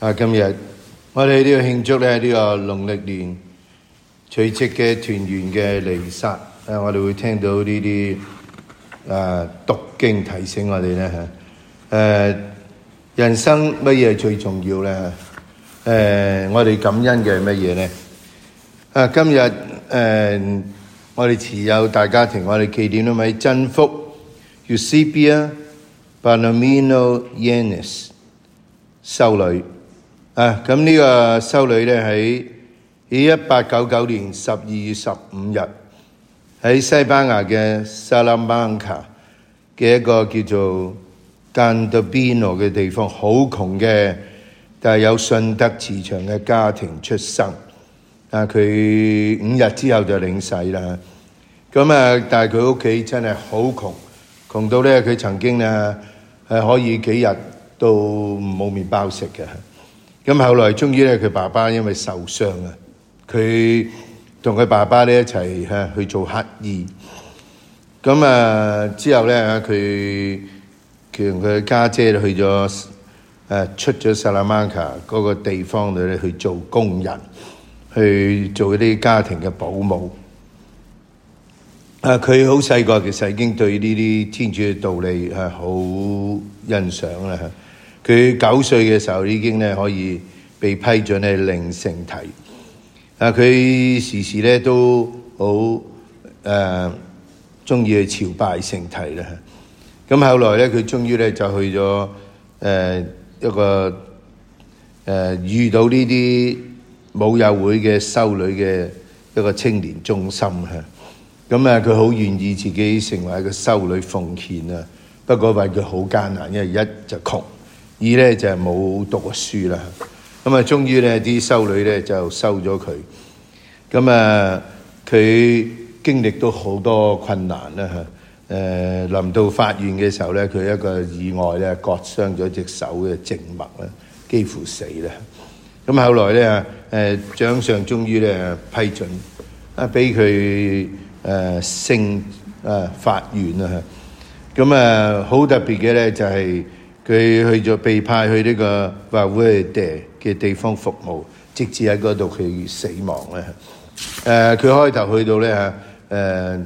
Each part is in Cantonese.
啊！今日我哋呢個慶祝咧，呢個農曆年除夕嘅團圓嘅彌撒，啊！我哋會聽到呢啲啊讀經提醒我哋咧，誒，人生乜嘢最重要咧？誒，我哋感恩嘅乜嘢咧？啊！今日誒，我哋持有大家庭，我哋紀念一位真福 Eusebia Palomino Yenes，修女。啊！咁呢個修女咧，喺喺一八九九年十二月十五日喺西班牙嘅塞拉曼卡嘅一個叫做 Cantalpino 嘅地方，好窮嘅，但係有信德慈祥嘅家庭出生。啊！佢五日之後就領洗啦。咁啊，但係佢屋企真係好窮，窮到咧佢曾經啊係可以幾日都冇麵包食嘅。咁後來終於咧，佢爸爸因為受傷啊，佢同佢爸爸咧一齊吓去做乞兒。咁啊之後咧，佢同佢家姐去咗誒，出咗薩拉曼卡嗰個地方度咧去做工人，去做一啲家庭嘅保姆。啊，佢好細個，其實已經對呢啲天主嘅道理係好欣賞啦。佢九歲嘅時候已經咧可以被批准去領聖體，啊佢時時咧都好誒中意去朝拜聖體啦。咁後來咧佢終於咧就去咗誒一個誒遇到呢啲母佑會嘅修女嘅一個青年中心吓。咁啊佢好願意自己成為一個修女奉獻啊，不過為佢好艱難，因為一就窮。二咧就係冇讀過書啦，咁啊，終於咧啲修女咧就收咗佢，咁啊，佢經歷到好多困難啦嚇，誒臨到發願嘅時候咧，佢一個意外咧割傷咗隻手嘅靜脈咧，幾乎死啦，咁後來咧誒長上終於咧批准啊，俾佢誒升誒發願啊，咁啊好特別嘅咧就係。佢去咗被派去呢個華威地嘅地方服務，直至喺嗰度佢死亡咧。誒，佢開頭去到咧，誒，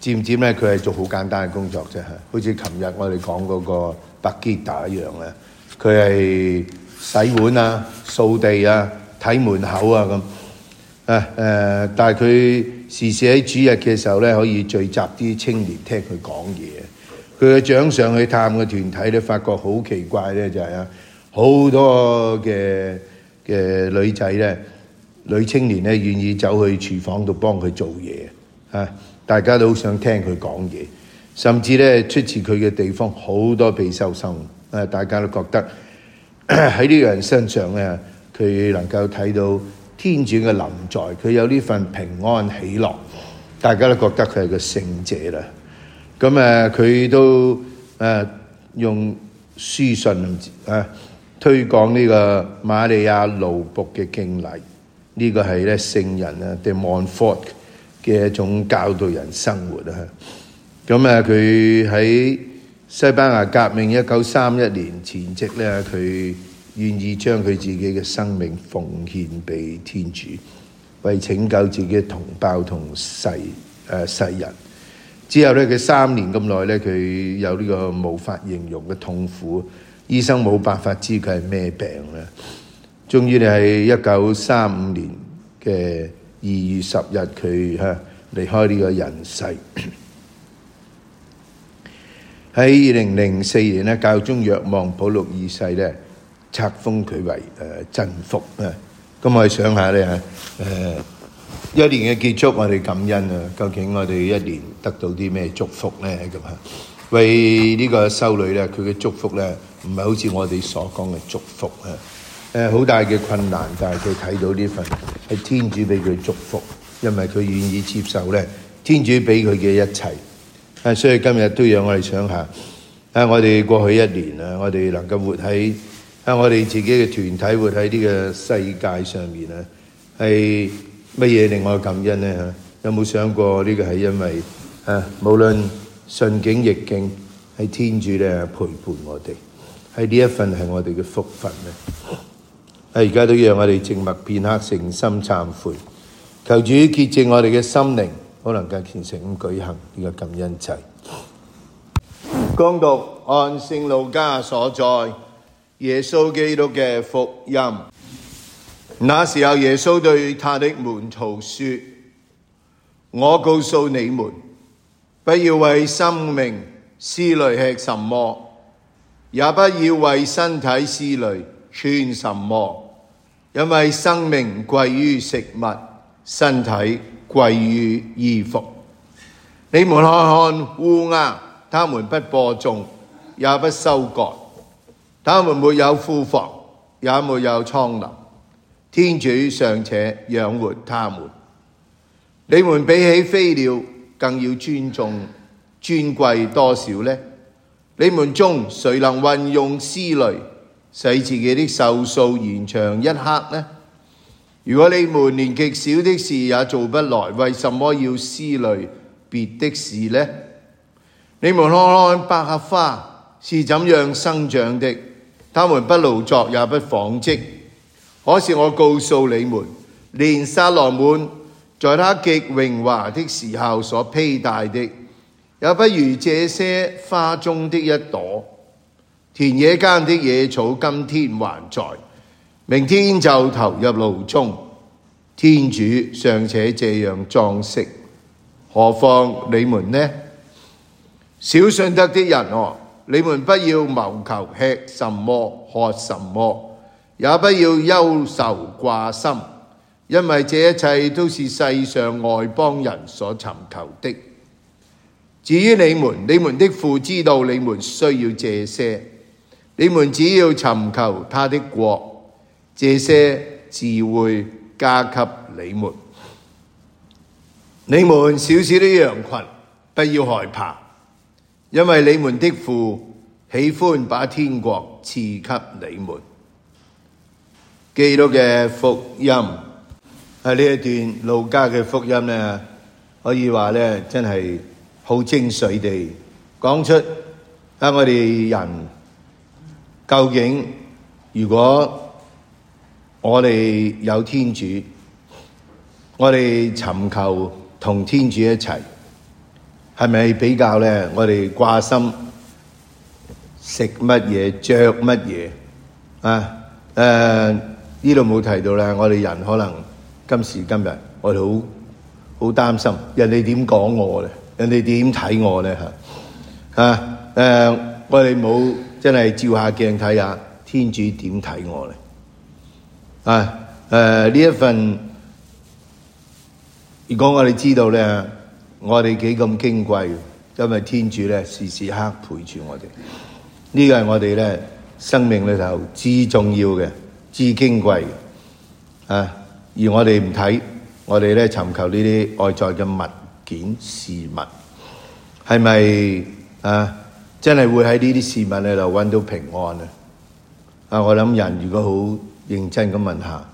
知唔知咩佢係做好簡單嘅工作啫，好似琴日我哋講嗰個巴基達一樣啊。佢係洗碗啊、掃地啊、睇門口啊咁。誒誒，但係佢時時喺主日嘅時候咧，可以聚集啲青年聽佢講嘢。佢嘅長上去探嘅團體咧，發覺好奇怪咧，就係啊，好多嘅嘅女仔咧，女青年咧，願意走去廚房度幫佢做嘢啊！大家都好想聽佢講嘢，甚至咧出自佢嘅地方好多被收收啊！大家都覺得喺呢個人身上咧，佢能夠睇到天主嘅臨在，佢有呢份平安喜樂，大家都覺得佢係個聖者啦。咁誒、啊，佢都誒、啊、用書信誒、啊、推廣呢個瑪利亞盧僕嘅敬禮，呢、這個係咧聖人啊，the Montfort 嘅一種教導人生活啊。咁誒、啊，佢喺西班牙革命一九三一年前夕咧，佢願意將佢自己嘅生命奉獻俾天主，為拯救自己嘅同胞同世誒、啊、世人。之後咧，佢三年咁耐咧，佢有呢個無法形容嘅痛苦，醫生冇辦法知佢係咩病咧。終於咧，喺一九三五年嘅二月十日，佢啊離開呢個人世。喺二零零四年咧，教宗若望保禄二世咧冊封佢為誒真福啊！咁我哋想下咧誒。一年嘅結束，我哋感恩啊！究竟我哋一年得到啲咩祝福呢？咁啊，為呢個修女呢，佢嘅祝福呢，唔係好似我哋所講嘅祝福啊！誒，好大嘅困難，但係佢睇到呢份係天主俾佢祝福，因為佢願意接受呢天主俾佢嘅一切。啊，所以今日都讓我哋想下啊，我哋過去一年啊，我哋能夠活喺啊，我哋自己嘅團體活喺呢個世界上面啊，係。乜嘢令我感恩呢？嚇，有冇想過呢、呢個係因為嚇、啊，無論順境逆境，喺天主咧陪伴我哋，喺呢一份係我哋嘅福分咧。啊，而家都讓我哋靜默片刻，誠心懺悔，求主潔淨我哋嘅心靈，可能更虔誠咁舉行呢、呢個感恩祭。恭讀安聖路加所載，耶穌基督嘅福音。那時候耶穌對他的門徒說：我告訴你們，不要為生命思慮吃什麼，也不要為身體思慮穿什麼，因為生命貴於食物，身體貴於衣服。你們看看烏鴉，它們不播種，也不收割，它們沒有庫房，也沒有倉廩。天主尚且養活他們，你們比起飛鳥更要尊重尊貴多少呢？你們中誰能運用思慮使自己的壽數延長一刻呢？如果你們連極小的事也做不來，為什麼要思慮別的事呢？你們看看百合花是怎樣生長的，他們不勞作也不紡織。可是我告訴你們，連撒羅門在他極榮華的時候所披戴的，也不如這些花中的一朵。田野間的野草，今天還在，明天就投入爐中。天主尚且這樣裝飾，何況你們呢？小信德的人哦，你們不要謀求吃什麼，喝什麼。也不要憂愁掛心，因為這一切都是世上外邦人所尋求的。至於你們，你們的父知道你們需要這些，你們只要尋求他的國，這些自會加給你們。你們小小的羊群，不要害怕，因為你們的父喜歡把天國賜給你們。基督嘅福音喺呢、啊、一段路加嘅福音呢，可以說呢真係好精髓地講出啊！我哋人究竟如果我哋有天主，我哋尋求同天主一齊係咪比較呢？我哋掛心食乜嘢、着乜嘢啊？誒、呃！呢度冇提到啦，我哋人可能今時今日，我哋好好擔心人哋點講我咧，人哋點睇我咧吓啊？誒，我哋冇真係照下鏡睇下，天主點睇我咧？啊誒，呢一份如果我哋知道咧，我哋幾咁矜貴，因為天主咧時時刻陪住我哋，呢個係我哋咧生命裏頭最重要嘅。至矜貴啊！而我哋唔睇，我哋咧尋求呢啲外在嘅物件事物，係咪啊？真係會喺呢啲事物裏度搵到平安啊？啊！我諗人如果好認真咁問下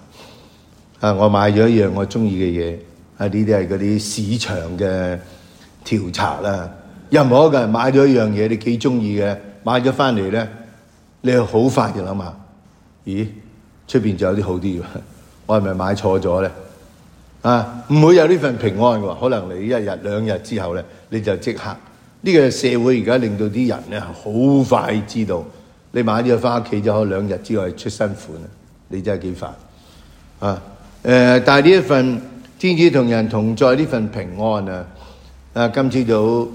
啊，我買咗一樣我中意嘅嘢啊，呢啲係嗰啲市場嘅調查啦。任何一個人買咗一樣嘢，你幾中意嘅，買咗翻嚟咧，你又好快就諗啊？咦？出邊就有啲好啲嘅，我係咪買錯咗咧？啊，唔會有呢份平安㗎。可能你一日兩日之後咧，你就即刻呢個社會而家令到啲人咧好快知道你買咗翻屋企就可以兩日之外出新款啊！你真係幾煩啊？誒、呃，但係呢一份天主同人同在呢份平安啊啊！今朝早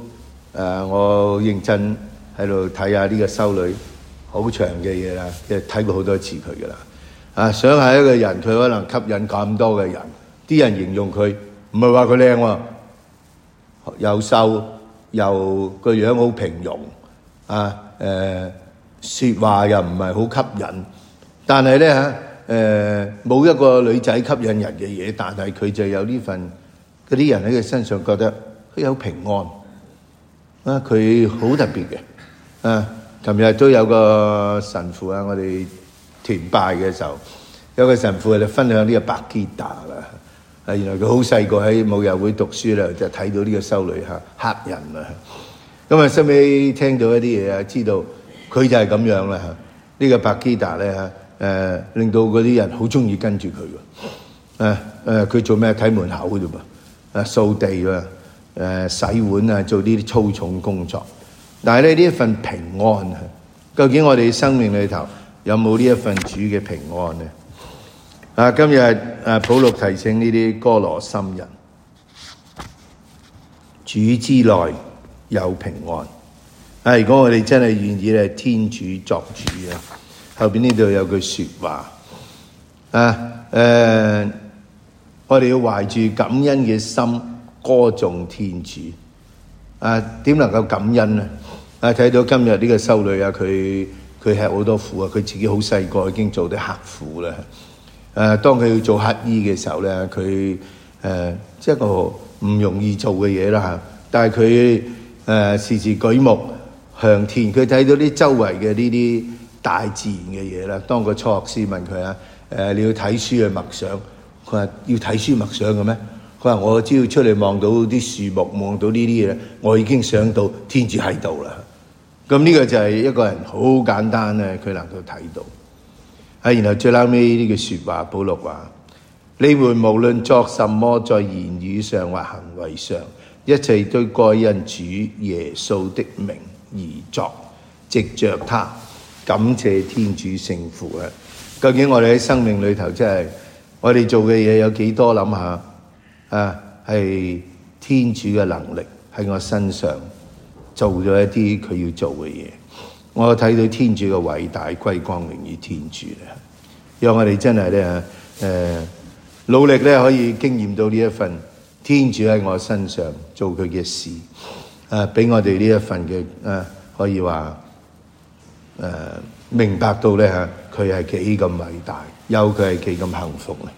誒，我認真喺度睇下呢個修女好長嘅嘢啦，即係睇過好多次佢㗎啦。啊！想係一個人，佢可能吸引咁多嘅人。啲人形容佢唔係話佢靚喎，又瘦又個樣好平庸。啊！誒、呃，説話又唔係好吸引。但係咧嚇誒，冇、啊呃、一個女仔吸引人嘅嘢，但係佢就有呢份。嗰啲人喺佢身上覺得佢有平安啊！佢好特別嘅。啊！琴日、啊、都有個神父啊，我哋。團拜嘅時候，有個神父咧，分享呢個白基達啦。啊，原來佢好細個喺母育會讀書啦，就睇到呢個修女嚇嚇人啊。咁啊，收尾聽到一啲嘢啊，知道佢就係咁樣啦。呢、這個白基達咧嚇，誒、呃、令到嗰啲人好中意跟住佢㗎。誒、呃、誒，佢做咩？睇門口㗎啫噃，啊掃地啊，誒、呃、洗碗啊，做啲粗重工作。但係咧呢一份平安啊，究竟我哋生命裏頭，有冇呢一份主嘅平安呢？啊，今日啊，保祿提醒呢啲哥羅森人，主之內有平安。啊，如果我哋真係願意咧，天主作主面啊，後邊呢度有句說話啊，誒，我哋要懷住感恩嘅心歌頌天主。啊，點能夠感恩呢？啊，睇到今日呢個修女啊，佢。佢吃好多苦啊！佢自己好細個已經做啲刻苦啦。誒、啊，當佢要做乞衣嘅時候咧，佢誒，即係個唔容易做嘅嘢啦吓。但係佢誒時時舉目向天，佢睇到啲周圍嘅呢啲大自然嘅嘢啦。當個初學師問佢啊，誒，你要睇書去默想，佢話要睇書的默想嘅咩？佢話我只要出嚟望到啲樹木，望到呢啲嘢，我已經想到天主喺度啦。咁、這、呢個就係一個人好簡單呢，佢能夠睇到啊。然後最後尾呢句說話，保祿話：你們無論作什麼，在言語上或行為上，一切都該因主耶穌的名而作，藉着祂感謝天主聖父啊。究竟我哋喺生命裏頭，真係我哋做嘅嘢有幾多？諗下啊，係天主嘅能力喺我身上。做咗一啲佢要做嘅嘢，我睇到天主嘅偉大歸光榮於天主啊！讓我哋真係咧，誒、呃，努力咧可以經驗到呢一份天主喺我身上做佢嘅事，誒、啊、俾我哋呢一份嘅誒、啊、可以話誒、啊，明白到咧吓，佢係幾咁偉大，有佢係幾咁幸福咧。